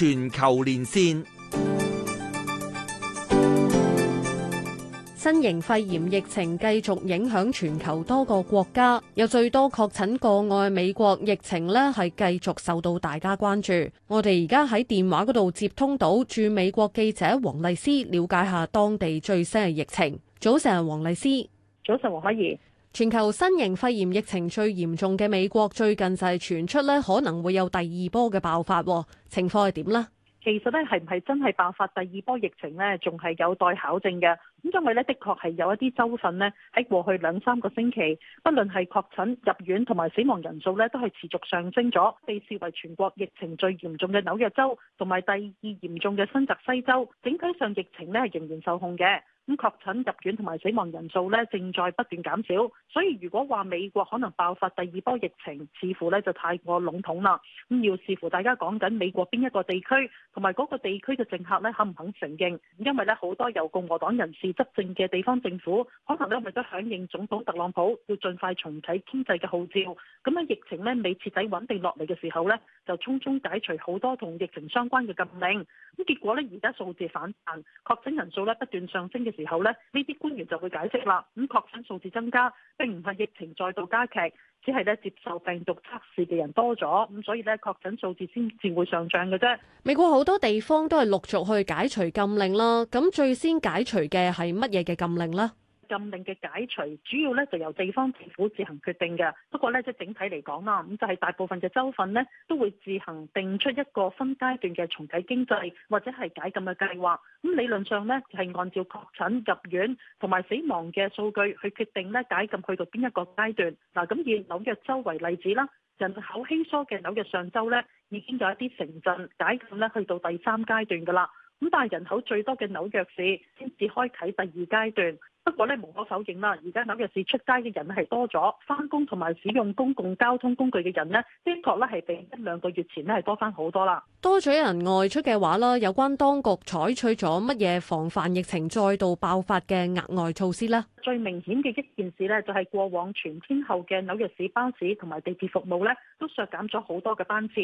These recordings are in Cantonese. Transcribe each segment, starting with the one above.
全球連線，新型肺炎疫情繼續影響全球多個國家，有最多確診個案。美國疫情呢係繼續受到大家關注。我哋而家喺電話嗰度接通到駐美國記者黃麗施，了解下當地最新嘅疫情。早晨，黃麗施。早晨，黃凱宜。全球新型肺炎疫情最嚴重嘅美國，最近就係傳出咧可能會有第二波嘅爆發，情況係點咧？其實咧係唔係真係爆發第二波疫情咧，仲係有待考證嘅。咁因為咧，的確係有一啲州份咧喺過去兩三個星期，不論係確診入院同埋死亡人數咧，都係持續上升咗。被視為全國疫情最嚴重嘅紐約州同埋第二嚴重嘅新澤西州，整體上疫情咧係仍然受控嘅。咁確診入院同埋死亡人數呢，正在不斷減少。所以如果話美國可能爆發第二波疫情，似乎呢就太過籠統啦。咁要視乎大家講緊美國邊一個地區，同埋嗰個地區嘅政客呢肯唔肯承認。因為呢，好多由共和黨人士執政嘅地方政府，可能呢為咗響應總統特朗普要盡快重啟經濟嘅號召，咁喺疫情呢未徹底穩定落嚟嘅時候呢，就匆匆解除好多同疫情相關嘅禁令。咁結果呢，而家數字反彈，確診人數呢不斷上升。時候咧，呢啲官員就會解釋啦。咁確診數字增加，並唔係疫情再度加劇，只係咧接受病毒測試嘅人多咗，咁所以咧確診數字先至會上漲嘅啫。美國好多地方都係陸續去解除禁令啦，咁最先解除嘅係乜嘢嘅禁令呢？禁令嘅解除主要咧就由地方政府自行決定嘅，不過咧即係整體嚟講啦，咁就係、是、大部分嘅州份呢都會自行定出一個分階段嘅重啟經濟或者係解禁嘅計劃。咁理論上咧係、就是、按照確診、入院同埋死亡嘅數據去決定咧解禁去到邊一個階段。嗱，咁以紐約州為例子啦，人口稀疏嘅紐約上週咧已經有一啲城鎮解禁咧去到第三階段㗎啦。咁但係人口最多嘅紐約市先至開啟第二階段。不過呢無可否認啦，而家紐約市出街嘅人係多咗，翻工同埋使用公共交通工具嘅人呢，的確咧係比一兩個月前呢，係多翻好多啦。多咗人外出嘅話啦，有關當局採取咗乜嘢防範疫情再度爆發嘅額外措施呢，最明顯嘅一件事呢，就係過往全天候嘅紐約市巴士同埋地鐵服務呢，都削減咗好多嘅班次。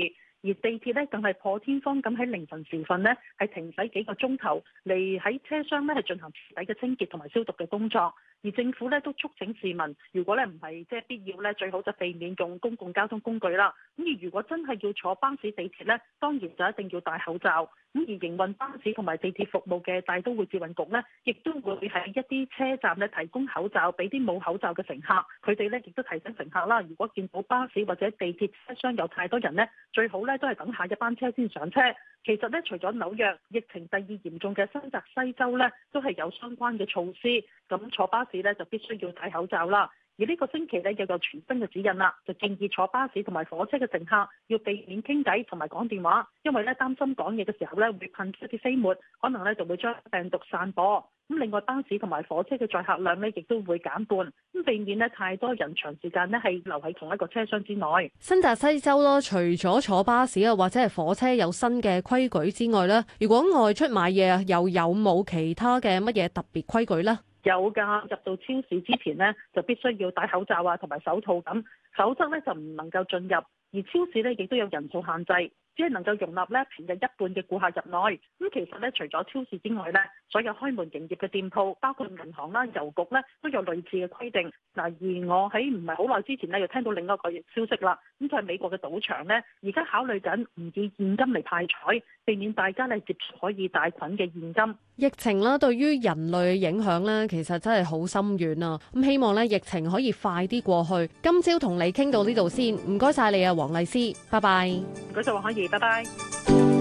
而地鐵咧更係破天荒咁喺凌晨時分咧，係停駛幾個鐘頭，嚟喺車廂咧係進行徹底嘅清潔同埋消毒嘅工作。而政府咧都促請市民，如果咧唔係即係必要咧，最好就避免用公共交通工具啦。咁而如果真係要坐巴士、地鐵咧，當然就一定要戴口罩。咁而營運巴士同埋地鐵服務嘅大都會捷運局呢，亦都會喺一啲車站呢提供口罩俾啲冇口罩嘅乘客，佢哋呢亦都提醒乘客啦，如果見到巴士或者地鐵車廂有太多人呢，最好呢都係等下一班車先上車。其實呢，除咗紐約，疫情第二嚴重嘅新澤西州呢，都係有相關嘅措施，咁坐巴士呢，就必須要戴口罩啦。而呢個星期咧又有全新嘅指引啦，就建議坐巴士同埋火車嘅乘客要避免傾偈同埋講電話，因為咧擔心講嘢嘅時候咧會噴出啲飛沫，可能咧就會將病毒散播。咁另外巴士同埋火車嘅載客量咧亦都會減半，咁避免咧太多人長時間咧係留喺同一個車廂之內。新澤西州咯，除咗坐巴士啊或者係火車有新嘅規矩之外咧，如果外出買嘢啊，又有冇其他嘅乜嘢特別規矩咧？有㗎，入到超市之前呢，就必須要戴口罩啊，同埋手套咁，否則呢就唔能夠進入。而超市呢，亦都有人數限制。只係能夠容納咧平日一半嘅顧客入內。咁其實咧，除咗超市之外咧，所有開門營業嘅店鋪，包括銀行啦、郵局咧，都有類似嘅規定。嗱，而我喺唔係好耐之前咧，又聽到另一個消息啦。咁喺美國嘅賭場咧，而家考慮緊唔要現金嚟派彩，避免大家咧接可以帶菌嘅現金。疫情啦，對於人類影響咧，其實真係好深遠啊！咁希望咧，疫情可以快啲過去。今朝同你傾到呢度先，唔該晒你啊，黃麗施，拜拜。唔該曬，可以。拜拜。